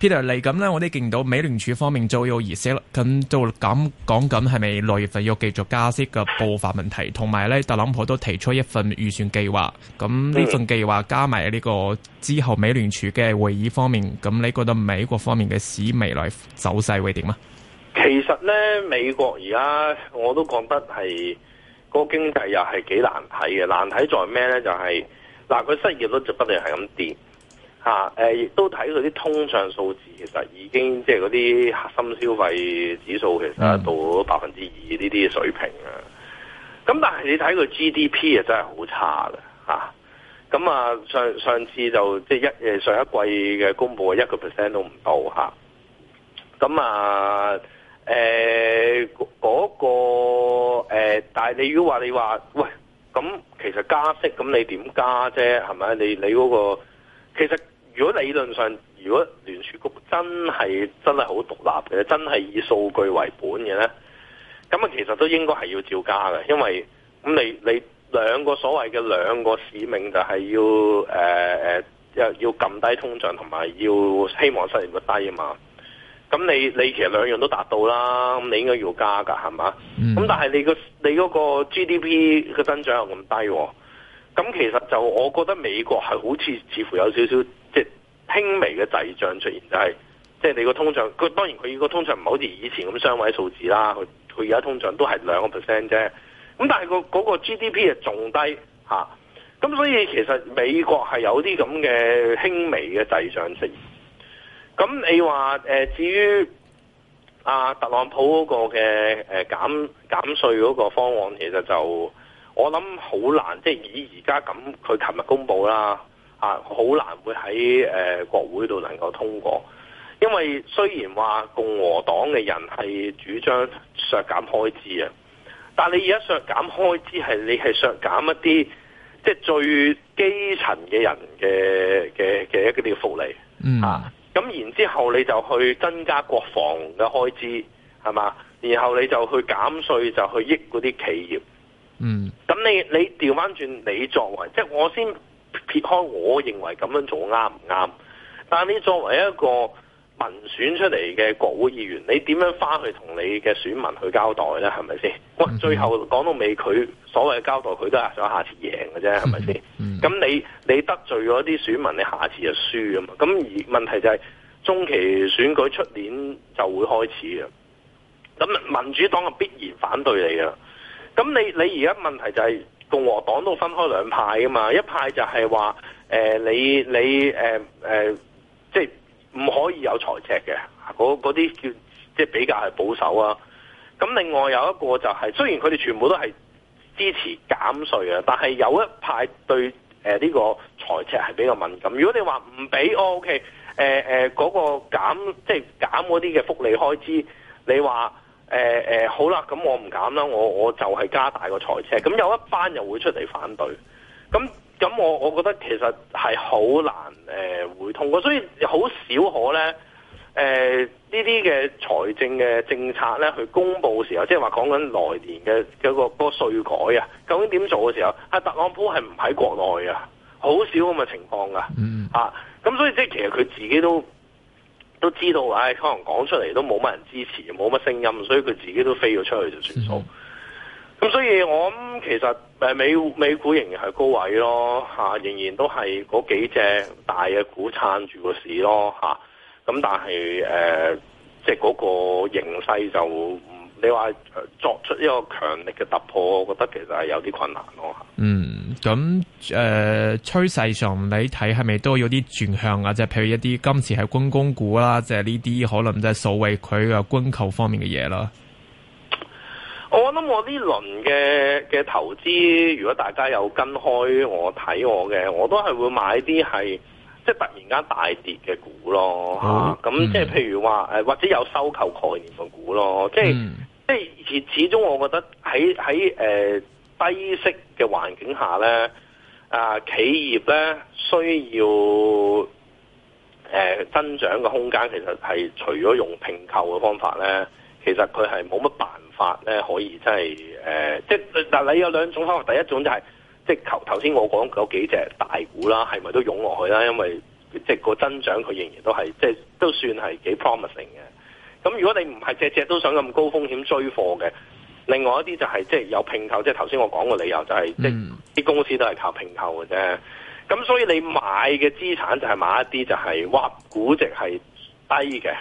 Peter 嚟緊咧，我哋見到美聯儲方面就有議息啦，咁就咁講緊係咪六月份要繼續加息嘅步伐問題，同埋咧特朗普都提出一份預算計劃，咁呢份計劃加埋呢個之後美聯儲嘅會議方面，咁你覺得美國方面嘅市未來走勢會點啊？其實咧，美國而家我都覺得係、個經濟又係幾難睇嘅，難睇在咩咧？就係、是、嗱，佢失業率就不定係咁跌。嚇、啊、誒，亦都睇到啲通脹數字，其實已經即係嗰啲核心消費指數，其實到百分之二呢啲水平啊。咁但係你睇佢 GDP 啊，真係好差啦嚇。咁啊，上上次就即係、即係、一誒上一季嘅公布啊，一個 percent 都唔到嚇。咁啊誒嗰個誒，但係你如果話你話喂，咁其實加息咁你點加啫？係咪你你嗰個？其實，如果理論上，如果聯儲局真係真係好獨立嘅，真係以數據為本嘅呢，咁啊，其實都應該係要照加嘅，因為咁你你兩個所謂嘅兩個使命就係要誒、呃、要撳低通脹同埋要希望失業率低啊嘛。咁你你其實兩樣都達到啦，咁你應該要加噶，係嘛？咁、嗯、但係你個你嗰個 GDP 嘅增長又咁低喎、啊。咁其實就我覺得美國係好似似乎有少少即係輕微嘅滯脹出現，就係即係你個通脹，佢當然佢個通脹唔係好似以前咁雙位數字啦，佢佢而家通脹都係兩個 percent 啫。咁但係個嗰個 GDP 係仲低吓咁、啊、所以其實美國係有啲咁嘅輕微嘅滯脹出現。咁你話誒、呃，至於、啊、特朗普嗰個嘅減減稅嗰個方案，其實就我諗好難，即係以而家咁，佢琴日公布啦，啊，好難會喺誒、呃、國會度能夠通過。因為雖然話共和黨嘅人係主張削減開支啊，但係你而家削減開支係你係削減一啲即係最基層嘅人嘅嘅嘅一啲嘅福利啊。嗯吓。咁然之後你就去增加國防嘅開支係嘛，然後你就去減稅就去益嗰啲企業。嗯，咁你你調翻轉，你作為即係我先撇開我認為咁樣做啱唔啱，但係你作為一個民選出嚟嘅國會議員，你點樣翻去同你嘅選民去交代呢？係咪先？最後講到尾佢所謂交代佢都係想下次贏嘅啫，係咪先？咁、嗯嗯、你你得罪咗啲選民，你下次就輸啊嘛。咁而問題就係、是、中期選舉出年就會開始啊，咁民主黨啊必然反對你啊。咁你你而家問題就係共和黨都分開兩派噶嘛，一派就係話誒你你誒、呃呃、即係唔可以有財赤嘅，嗰啲叫即係比較係保守啊。咁另外有一個就係、是、雖然佢哋全部都係支持減稅啊，但係有一派對呢、呃呢個財赤係比較敏感。如果你話唔俾我 OK，誒、呃、嗰、呃嗰個減即係減嗰啲嘅福利開支，你話？欸欸、好啦，咁我唔減啦，我我就係加大個財政。咁有一班又會出嚟反對。咁咁，我我覺得其實係好難會、欸、通過，所以好少可咧誒呢啲嘅、欸、財政嘅政策咧去公布嘅時候，即係話講緊來年嘅一個、嗰個稅改啊，究竟點做嘅時候，阿特朗普係唔喺國內啊，好少咁嘅情況噶。嗯。咁、啊、所以即係其實佢自己都。都知道，唉、哎，可能講出嚟都冇乜人支持，冇乜聲音，所以佢自己都飛咗出去就算數。咁、嗯、所以，我諗其實誒美美股仍然係高位咯，嚇、啊，仍然都係嗰幾隻大嘅股撐住個市咯，嚇、啊。咁但係誒，即係嗰個形勢就你話作出一個強力嘅突破，我覺得其實係有啲困難咯。嗯。咁誒，趨勢、呃、上你睇係咪都有啲轉向啊？即係譬如一啲今次係軍工股啦，即係呢啲可能即係所謂佢嘅軍購方面嘅嘢啦。我諗我呢輪嘅嘅投資，如果大家有跟開我睇我嘅，我都係會買啲係即係突然間大跌嘅股咯。吓、哦，咁、啊、即係譬如話誒，嗯、或者有收購概念嘅股咯。即係即係，始、嗯、始終我覺得喺喺誒。低息嘅環境下呢，啊、企業呢需要、呃、增長嘅空間，其實係除咗用併購嘅方法呢，其實佢係冇乜辦法呢可以即係誒，即但係你有兩種方法，第一種就係、係、即係頭頭先我講有幾隻大股啦，係咪都湧落去啦？因為即係、嗰個增長佢仍然都係即都算係幾 promising 嘅。咁如果你唔係隻隻都想咁高風險追貨嘅。另外一啲就係即係有併購，即係頭先我講個理由就係、是，即係啲公司都係靠併購嘅啫。咁所以你買嘅資產就係買一啲就係、是、哇估值係低嘅，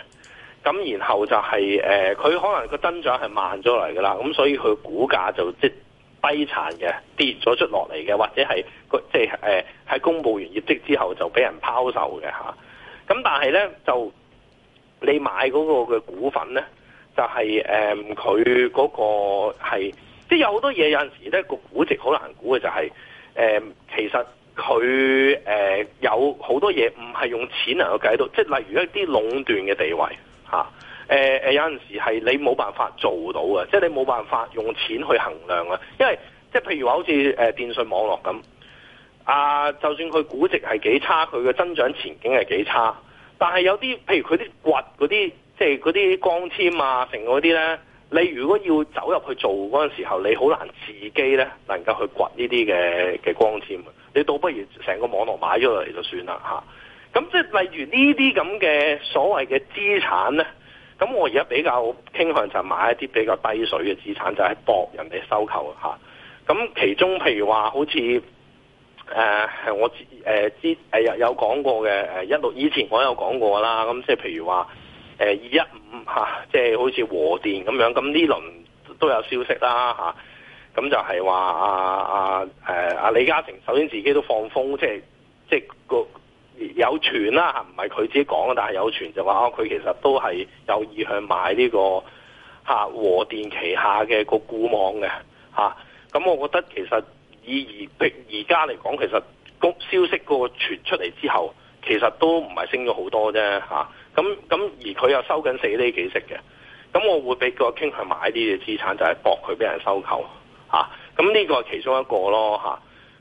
咁然後就係、是、誒，佢、呃、可能個增長係慢咗嚟噶啦，咁所以佢股價就即係低殘嘅，跌咗出落嚟嘅，或者係個即係誒喺公佈完業績之後就俾人拋售嘅嚇。咁、啊、但係咧就你買嗰個嘅股份咧？就係誒，佢、嗯、嗰個係，即係有好多嘢，有陣時咧個估值好難估嘅、就係，就係誒，其實佢誒、呃、有好多嘢唔係用錢能夠計到，即係例如一啲壟斷嘅地位嚇，誒、啊、誒、呃、有陣時係你冇辦法做到嘅，即係你冇辦法用錢去衡量啊，因為即係譬如話好似誒電訊網絡咁，啊，就算佢估值係幾差，佢嘅增長前景係幾差，但係有啲譬如佢啲掘嗰啲。即係嗰啲光纖啊，成個啲呢。你如果要走入去做嗰陣時候，你好難自己呢能夠去掘呢啲嘅嘅光纖，你倒不如成個網絡買咗落嚟就算啦咁、啊、即係例如呢啲咁嘅所謂嘅資產呢。咁我而家比較傾向就買一啲比較低水嘅資產，就係、是、博人哋收購嚇。咁、啊、其中譬如話好似誒、呃，我、呃知呃、有，有講過嘅一路以前我有講過啦，咁即係譬如話。誒二一五嚇，即係、啊就是、好似和電咁樣，咁呢輪都有消息啦嚇，咁、啊、就係話阿阿誒阿李嘉誠首先自己都放風，即係即係個有傳啦嚇，唔係佢自己講嘅，但係有傳就話啊，佢其實都係有意向買呢、這個嚇、啊、和電旗下嘅個固網嘅嚇，咁、啊、我覺得其實以而而而家嚟講，其實個消息嗰個傳出嚟之後，其實都唔係升咗好多啫嚇。啊咁咁而佢又收緊死呢幾息嘅，咁我會畀個傾向買啲嘅資產，就係博佢俾人收購咁呢、啊、個係其中一個咯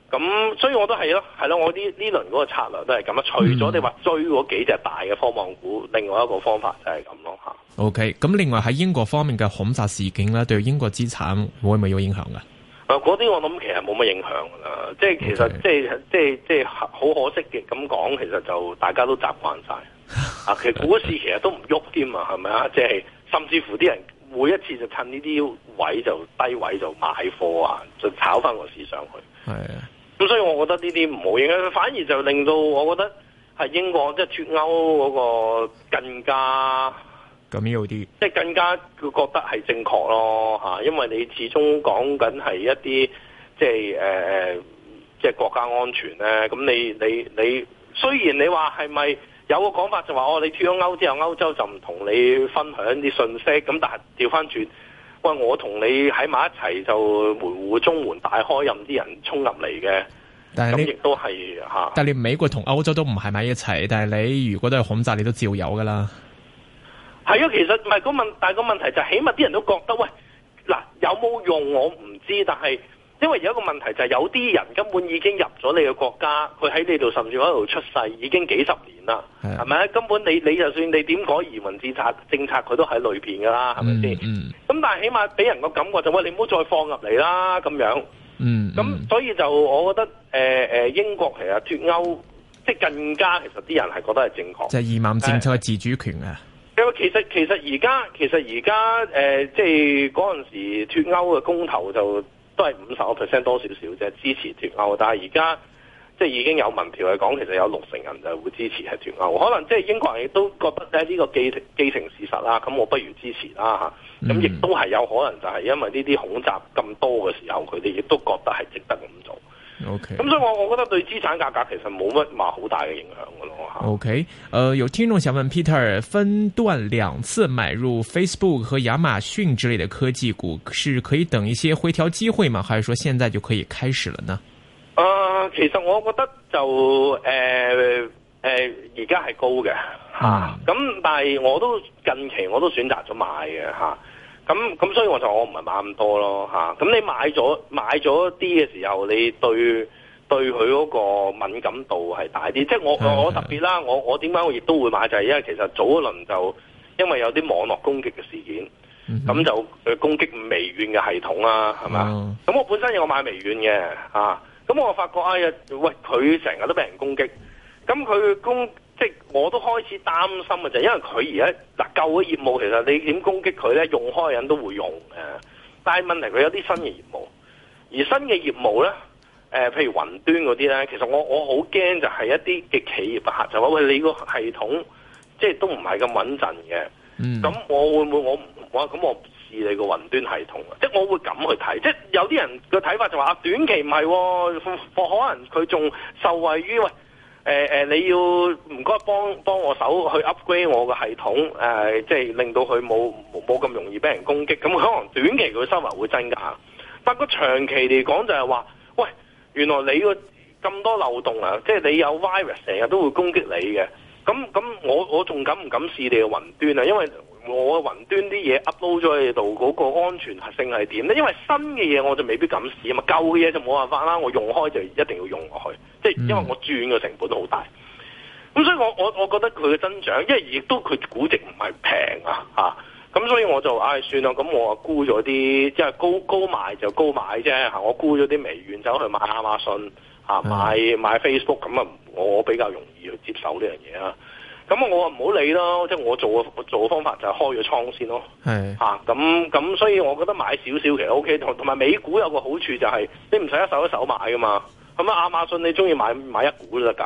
咁、啊、所以我都係咯，係咯，我呢呢輪嗰個策略都係咁啊。除咗你話追嗰幾隻大嘅科網股、嗯，另外一個方法就係咁咯 OK. 咁另外喺英國方面嘅恐襲事件咧，對英國資產會唔會有影響嘅？嗰、啊、啲我諗其實冇乜影響，即係其實、okay. 即係即係即係好可惜嘅咁講，其實就大家都習慣晒。啊，其實股市其實都唔喐添啊，係咪啊？即係甚至乎啲人每一次就趁呢啲位就低位就買貨啊，就炒翻個市上去。係啊，咁所以我覺得呢啲唔好嘅，反而就令到我覺得係英國即係脱歐嗰個更加咁樣啲，即係更加佢覺得係正確咯嚇，因為你始終講緊係一啲即係誒誒，即係、呃、國家安全咧。咁你你你，你雖然你話係咪？有個講法就話、是、哦，你脱咗歐之後，歐洲就唔同你分享啲信息。咁但係調翻轉，喂，我同你喺埋一齊就門戶中門大開任，任啲人衝入嚟嘅。咁亦都係吓。但係你，你美國同歐洲都唔係埋一齊，但係你如果都係恐襲，你都照有噶啦。係、嗯、啊，其實唔係個問，但係個問題就係起碼啲人都覺得喂，嗱，有冇用我唔知，但係。因為有一個問題就係有啲人根本已經入咗你嘅國家，佢喺你度甚至喺度出世已經幾十年啦，係咪？根本你你就算你點改移民政策政策都在裏面，佢都喺裏邊㗎啦，係咪先？咁、嗯、但係起碼俾人個感覺就是、喂，你唔好再放入嚟啦咁樣。嗯，咁所以就我覺得誒誒、呃、英國其實脱歐即係更加其實啲人係覺得係正確，即係移民政策嘅自主權啊。其實其實而家其實而家誒即係嗰陣時脱歐嘅公投就。都係五十個 percent 多少少啫，支持脱歐。但係而家即係已經有民調去講，其實有六成人就會支持係脱歐。可能即係英國人亦都覺得呢個既成事實啦，咁我不如支持啦嚇。咁亦都係有可能就係因為呢啲恐襲咁多嘅時候，佢哋亦都覺得係值得咁做。OK，咁、嗯、所以我我覺得對資產價格其實冇乜話好大嘅影響噶咯吓。OK，誒、呃，有聽眾想問 Peter，分段兩次買入 Facebook 和亞馬遜之類嘅科技股，是可以等一些回調機會嘛，還是說現在就可以開始了呢？誒、呃，其實我覺得就誒誒，而家係高嘅吓，咁、啊啊、但係我都近期我都選擇咗買嘅吓。啊咁咁所以我就我唔係買咁多咯吓，咁、啊、你買咗買咗啲嘅時候，你對對佢嗰個敏感度係大啲，即係我我特別啦，我我點解我亦都會買就係、是、因為其實早一輪就因為有啲網絡攻擊嘅事件，咁、嗯、就攻擊微軟嘅系統啦，係咪啊？咁、嗯、我本身有買微軟嘅吓，咁、啊、我發覺哎呀，喂佢成日都畀人攻擊，咁佢攻。即係我都開始擔心嘅就因為佢而家嗱舊嘅業務，其實你點攻擊佢咧？用開人都會用嘅，但係問題佢有啲新嘅業務，而新嘅業務咧、呃，譬如雲端嗰啲咧，其實我我好驚就係一啲嘅企業客就話，喂，你個系統即係都唔係咁穩陣嘅，咁、嗯、我會唔會我我咁我，我唔試你個雲端系統啊？即係我會咁去睇，即係有啲人嘅睇法就話短期唔係，喎，可能佢仲受惠於喂。誒誒，你要唔該幫幫我手去 upgrade 我嘅系統，誒，即係令到佢冇冇咁容易俾人攻擊。咁可能短期佢收入會增加，但個長期嚟講就係話，喂，原來你個咁多漏洞啊，即係你有 virus，成日都會攻擊你嘅。咁咁，我我仲敢唔敢試你嘅雲端啊？因為我雲端啲嘢 upload 咗喺度，嗰個安全性係點咧？因為新嘅嘢我就未必敢試啊嘛，舊嘅嘢就冇辦法啦。我用開就一定要用落去。即、嗯、係因為我住院嘅成本都好大，咁所以我我我覺得佢嘅增長，因為亦都佢估值唔係平啊，吓，咁所以我就唉、哎、算咯，咁我沽咗啲，即係高高買就高買啫，吓，我沽咗啲微軟走去買亞馬遜，吓、啊，買買 Facebook，咁啊，我比較容易去接受呢樣嘢啊，咁我話唔好理咯，即、就、係、是、我做我做嘅方法就係開咗倉先咯，係吓，咁、啊、咁所以我覺得買少少其實 OK 同，同埋美股有個好處就係你唔使一手一手買噶嘛。咁啊，亞馬遜你中意買買一股都得噶，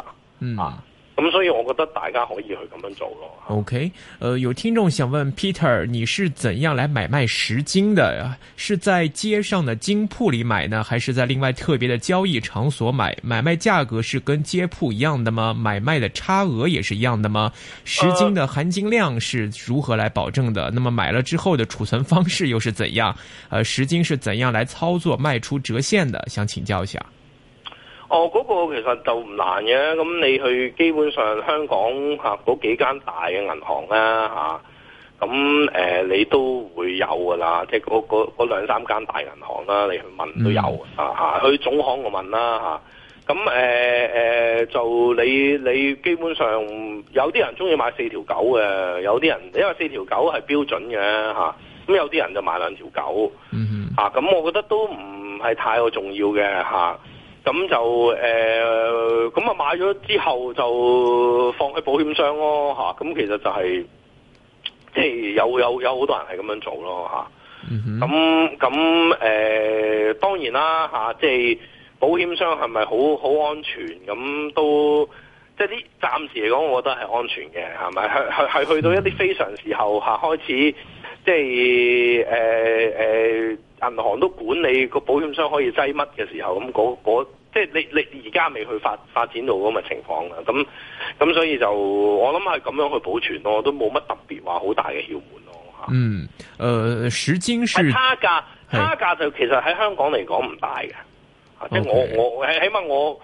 啊，咁所以我覺得大家可以去咁樣做咯。OK，呃，有聽眾想問 Peter，你是怎樣來買賣十斤的呀？是在街上的金鋪裏買呢，還是在另外特別的交易場所買？買賣價格是跟街鋪一樣的嗎？買賣的差額也是一樣的嗎？十斤的含金量是如何來保證的？呃、那麼買了之後的儲存方式又是怎樣？誒、呃，十斤是怎樣來操作賣出折現的？想請教一下。哦，嗰、嗰個其實就唔難嘅，咁你去基本上香港嗰、啊、幾間大嘅銀行啦，嚇、啊，咁、呃、你都會有噶啦，即係嗰兩三間大銀行啦，你去問都有、嗯、啊去總行個問啦嚇，咁、啊、誒、呃、就你你基本上有啲人中意買四條狗嘅，有啲人因為四條狗係標準嘅嚇，咁、啊、有啲人就買兩條狗，嗯、啊咁我覺得都唔係太過重要嘅。咁就誒，咁、呃、啊買咗之後就放喺保險箱咯。咁、啊、其實就係即係有有有好多人係咁樣做咯。咁咁誒，當然啦即係、啊就係、保險箱係咪好好安全？咁都即係啲暫時嚟講，我覺得係安全嘅，係咪係係係去到一啲非常時候、啊、開始。即係誒誒，呃呃，銀行都管你個保險箱可以擠乜嘅時候，咁嗰嗰即係你你而家未去發發展到咁嘅情況啊，咁咁所以就我諗係咁樣去保存咯，都冇乜特別話好大嘅竅門咯吓。嗯，誒、呃，時晶係差價，差價就其實喺香港嚟講唔大嘅，即係我我起起碼我。Okay. 我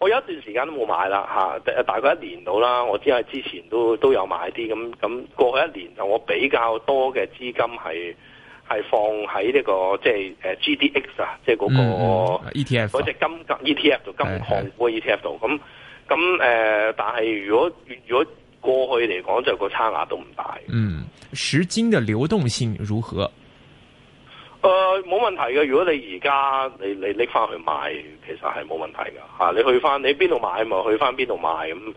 我有一段時間都冇買啦，嚇，大概一年到啦。我只係之前都都有買啲咁咁，過去一年，就我比較多嘅資金係係放喺呢、嗯那個即係誒 G D X 啊，即係嗰個 E T F 嗰隻金金 E T F 度、嗯、金礦股 E T F 度。咁咁誒，但係如果如果過去嚟講就個差額都唔大。嗯，實金嘅流動性如何？冇問題嘅，如果你而家你你拎翻去賣，其實係冇問題嘅、啊、你去翻你邊度買嘛，去翻邊度賣咁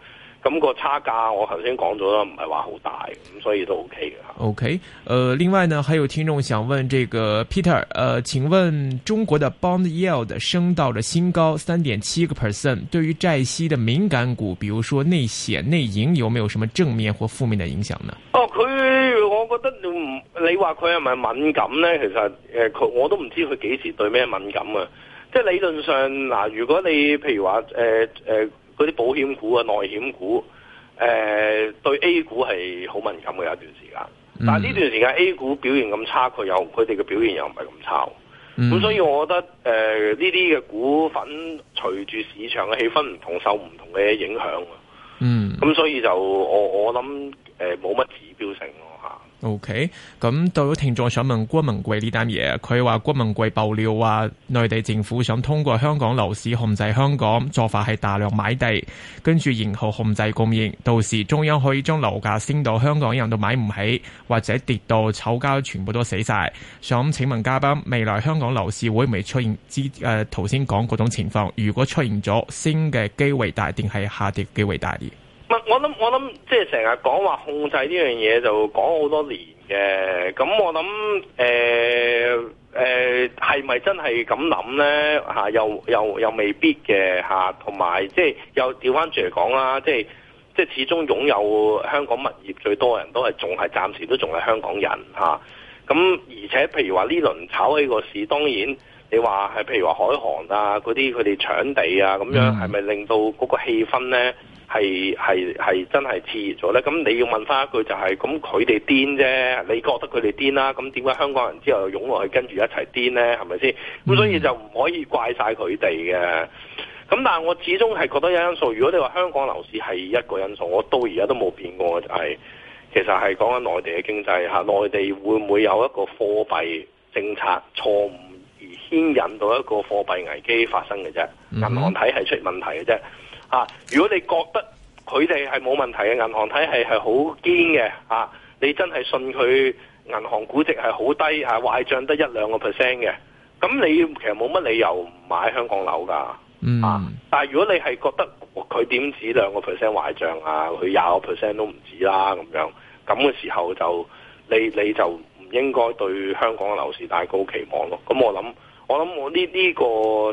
咁個差價，我頭先講咗啦，唔係話好大咁，所以都 OK 嘅。OK，呃，另外呢，還有聽眾想問這個 Peter，呃，請問中國的 bond yield 升到了新高三點七個 percent，對於債息的敏感股，比如說內險、內銀，有沒有什麼正面或負面的影響呢？哦。你話佢係咪敏感呢？其實誒，佢、呃、我都唔知佢幾時對咩敏感啊！即係理論上嗱、呃，如果你譬如話誒誒嗰啲保險股啊、內、呃、險股誒、呃、對 A 股係好敏感嘅有一段時間，但係呢段時間 A 股表現咁差，佢又佢哋嘅表現又唔係咁差。咁、嗯、所以我覺得誒呢啲嘅股份隨住市場嘅氣氛唔同，受唔同嘅影響嗯。咁所以就我我諗誒冇乜指標性咯嚇。啊 OK，咁到咗聽眾想問郭文貴呢單嘢，佢話郭文貴爆料話，內地政府想通過香港樓市控制香港，做法係大量買地，跟住然後控制供應，到時中央可以將樓價升到香港人都買唔起，或者跌到炒家全部都死曬。想請問嘉賓，未來香港樓市會唔會出現之誒頭先講嗰種情況？如果出現咗升嘅機會大定係下跌機會大啲？我諗我諗，即係成日講話控制呢樣嘢，就講好多年嘅。咁我諗，誒、欸、誒，係、欸、咪真係咁諗咧？吓、啊，又又又未必嘅吓。同、啊、埋，即係又調翻轉嚟講啦，即係即係始終擁有香港物業最多嘅人都係仲係暫時都仲係香港人吓。咁、啊、而且譬如話呢輪炒呢個市，當然你話係譬如話海航啊，嗰啲佢哋搶地啊，咁樣係咪、嗯、令到嗰個氣氛咧？係係係真係刺激咗咧，咁你要問翻一句就係、是，咁佢哋癲啫，你覺得佢哋癲啦，咁點解香港人之後又湧落去跟住一齊癲呢？係咪先？咁、mm -hmm. 所以就唔可以怪晒佢哋嘅。咁但係我始終係覺得有因素，如果你話香港樓市係一個因素，我到而家都冇變過，就係、是、其實係講緊內地嘅經濟吓，內地會唔會有一個貨幣政策錯誤而牽引到一個貨幣危機發生嘅啫？銀行體系出問題嘅啫。Mm -hmm. 啊！如果你覺得佢哋係冇問題嘅銀行體系，係好堅嘅，啊，你真係信佢銀行估值係好低，係、啊、壞帳得一兩個 percent 嘅，咁你其實冇乜理由唔買香港樓㗎。嗯，啊，嗯、但係如果你係覺得佢點止兩個 percent 壞帳啊，佢廿個 percent 都唔止啦咁樣，咁嘅時候就你你就唔應該對香港樓市太高期望咯。咁我諗我諗我呢呢、呢個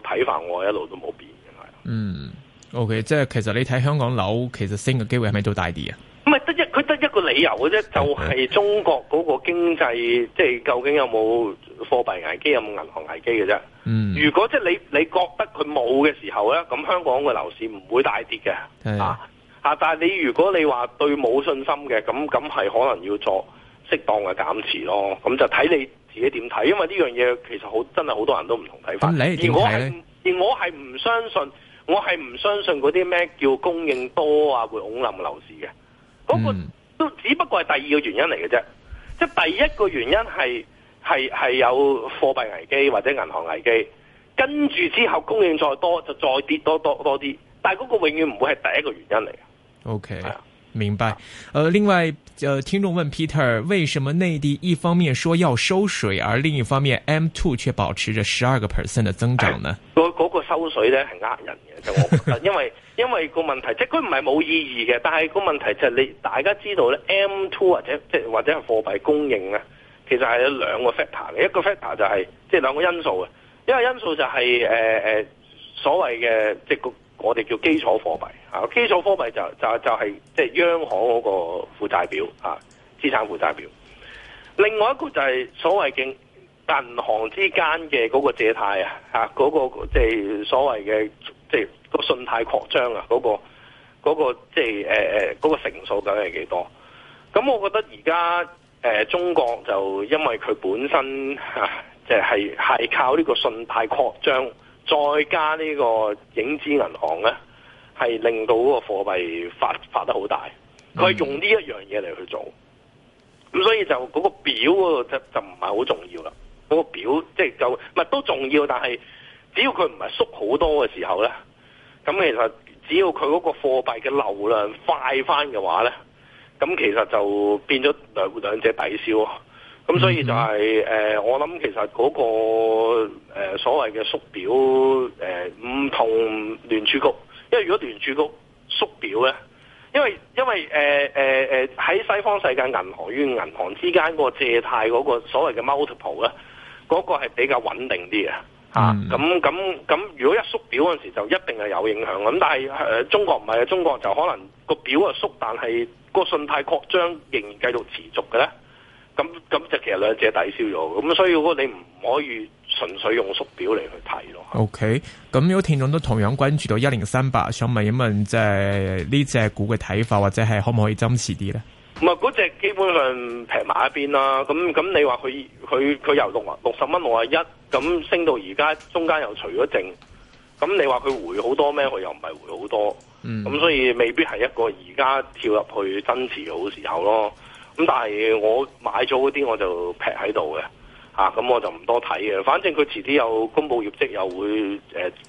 睇法我一路都冇變嘅。嗯。OK，即係其實你睇香港樓，其實升嘅機會係咪都大啲啊？唔係得一，佢得一個理由嘅啫，就係中國嗰個經濟，即係究竟有冇貨幣危機，有冇銀行危機嘅啫。嗯，如果即係你你覺得佢冇嘅時候咧，咁香港嘅樓市唔會大跌嘅。係啊，啊，但係你如果你話對冇信心嘅，咁咁係可能要作適當嘅減持咯。咁就睇你自己點睇，因為呢樣嘢其實好真係好多人都唔同睇法。你點睇咧？而我係唔相信。我係唔相信嗰啲咩叫供應多啊會拱冧樓市嘅，嗰、那個都只不過係第二個原因嚟嘅啫，即、嗯、係第一個原因係係係有貨幣危機或者銀行危機，跟住之後供應再多就再跌多多多啲，但係嗰個永遠唔會係第一個原因嚟嘅。OK，、啊、明白。呃，另外，呃，聽眾問 Peter，為什麼內地一方面說要收水，而另一方面 M two 卻保持着十二個 percent 嘅增長呢？哎那個抽水咧係呃人嘅，就我覺得，因為因為個問題，即係佢唔係冇意義嘅，但係個問題就係你大家知道咧，M two 或者即係或者係貨幣供應咧，其實係有兩個 factor 嘅，一個 factor 就係即係兩個因素啊，一個因素就係呃呃所謂嘅即係個我哋叫基礎貨幣啊，基礎貨幣就就就係即係央行嗰個負債表啊，資產負債表，另外一個就係所謂嘅。銀行之間嘅嗰個借貸啊，嚇嗰個即係所謂嘅即係個信貸擴張啊，嗰個嗰個即係誒誒嗰個成數究竟係幾多？咁我覺得而家誒中國就因為佢本身嚇即係係靠呢個信貸擴張，再加呢個影子銀行咧，係令到嗰個貨幣發發得好大。佢係用呢一樣嘢嚟去做，咁所以就嗰個表度就就唔係好重要啦。嗰、那個表即係就唔係都重要，但係只要佢唔係縮好多嘅時候咧，咁其實只要佢嗰個貨幣嘅流量快返嘅話咧，咁其實就變咗兩,兩者抵消。咁所以就係、是、誒、嗯嗯呃，我諗其實嗰、那個、呃、所謂嘅縮表誒唔、呃、同聯儲局，因為如果聯儲局縮表咧，因為因為誒誒誒喺西方世界銀行與銀行之間個借貸嗰個所謂嘅 multiple 咧。嗰個係比較穩定啲嘅，嚇咁咁咁。如果一縮表嗰陣時，就一定係有影響。咁但係誒、呃，中國唔係，中國就可能個表啊縮，但係個信貸擴張仍然繼續持續嘅咧。咁咁就其實兩者抵消咗。咁所以如果你唔可以純粹用縮表嚟去睇咯。啊、OK，咁有聽眾都同樣關注到一零三八，想問一問即係呢隻股嘅睇法，或者係可唔可以增持啲咧？唔嗰隻基本上平埋一邊啦，咁咁你話佢佢佢由六啊六十蚊六啊一，咁升到而家，中間又除咗淨，咁你話佢回好多咩？佢又唔係回好多，咁、嗯、所以未必係一個而家跳入去增持嘅好時候咯。咁但係我買咗嗰啲我就平喺度嘅，嚇、啊、咁我就唔多睇嘅。反正佢遲啲又公佈業績又會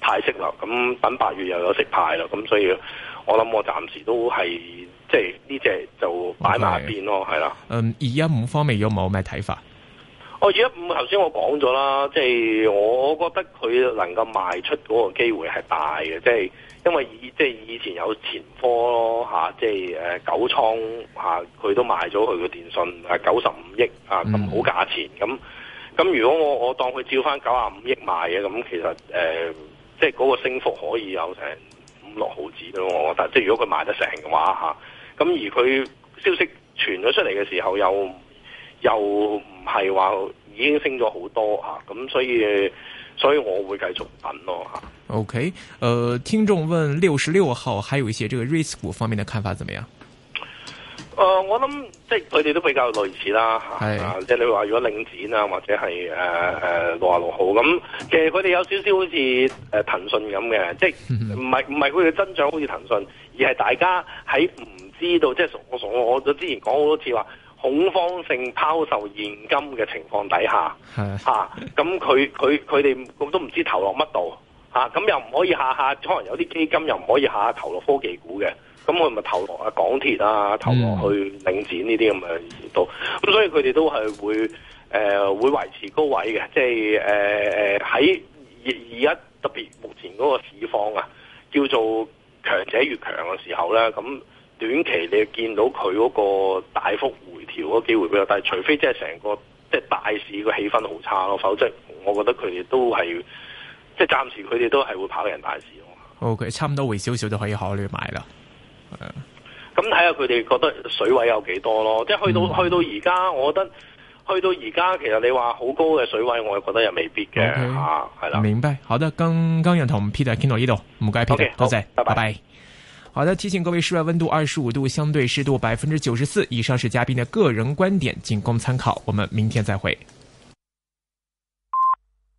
太派、呃、息啦，咁等八月又有食派啦，咁所以。我諗我暫時都係即係呢隻就擺埋一邊咯，係、okay. 啦。嗯，二一五方面有冇咩睇法？哦，二一五頭先我講咗啦，即係我覺得佢能夠賣出嗰個機會係大嘅，即係因為即係以前有前科吓、啊，即係誒九倉吓佢、啊、都賣咗佢個電信啊九十五億啊咁好價錢咁咁，mm -hmm. 如果我我當佢照翻九十五億賣嘅，咁其實誒、呃、即係嗰、嗰個升幅可以有成。五六毫子咯，我覺得即係如果佢賣得成嘅話吓，咁而佢消息傳咗出嚟嘅時候又又唔係話已經升咗好多吓，咁所以所以我會繼續等咯吓。OK，誒、呃，聽眾問六十六號，還有一些這個瑞斯股方面的看法，怎麼樣？誒、呃，我諗即係佢哋都比較類似啦，啊、即係你話如果領展啊，或者係誒誒六啊六號咁，其實佢哋有少少好似誒騰訊咁嘅，即係唔係唔係佢哋增長好似騰訊，而係大家喺唔知道，即係我我之前講好多次話恐慌性拋售現金嘅情況底下，咁佢佢佢哋都唔知投落乜度，咁、啊、又唔可以下下，可能有啲基金又唔可以下下投落科技股嘅。咁佢咪投落啊港鐵啊，投落去領展呢啲咁嘅都，咁、啊、所以佢哋都係會誒、呃、會維持高位嘅，即係誒誒喺而家特別目前嗰個市況啊，叫做強者越強嘅時候咧，咁短期你見到佢嗰個大幅回調嗰機會比較大，但除非即係成個即係、就是、大市個氣氛好差咯，否則我覺得佢哋都係即係暫時佢哋都係會跑贏大市咯。好嘅，差唔多回少少就可以考慮埋啦。咁睇下佢哋覺得水位有幾多咯，即係去到去到而家，我覺得去到而家，其實你話好高嘅水位，我又覺得又未必嘅，吓，係、okay, 啦、啊。明白，好的，剛剛陽同 Peter 傾到呢度，唔該 Peter，多謝，拜拜。好的，提醒各位室外温度二十五度，相對濕度百分之九十四。以上是嘉賓嘅個人觀點，僅供參考。我們明天再會。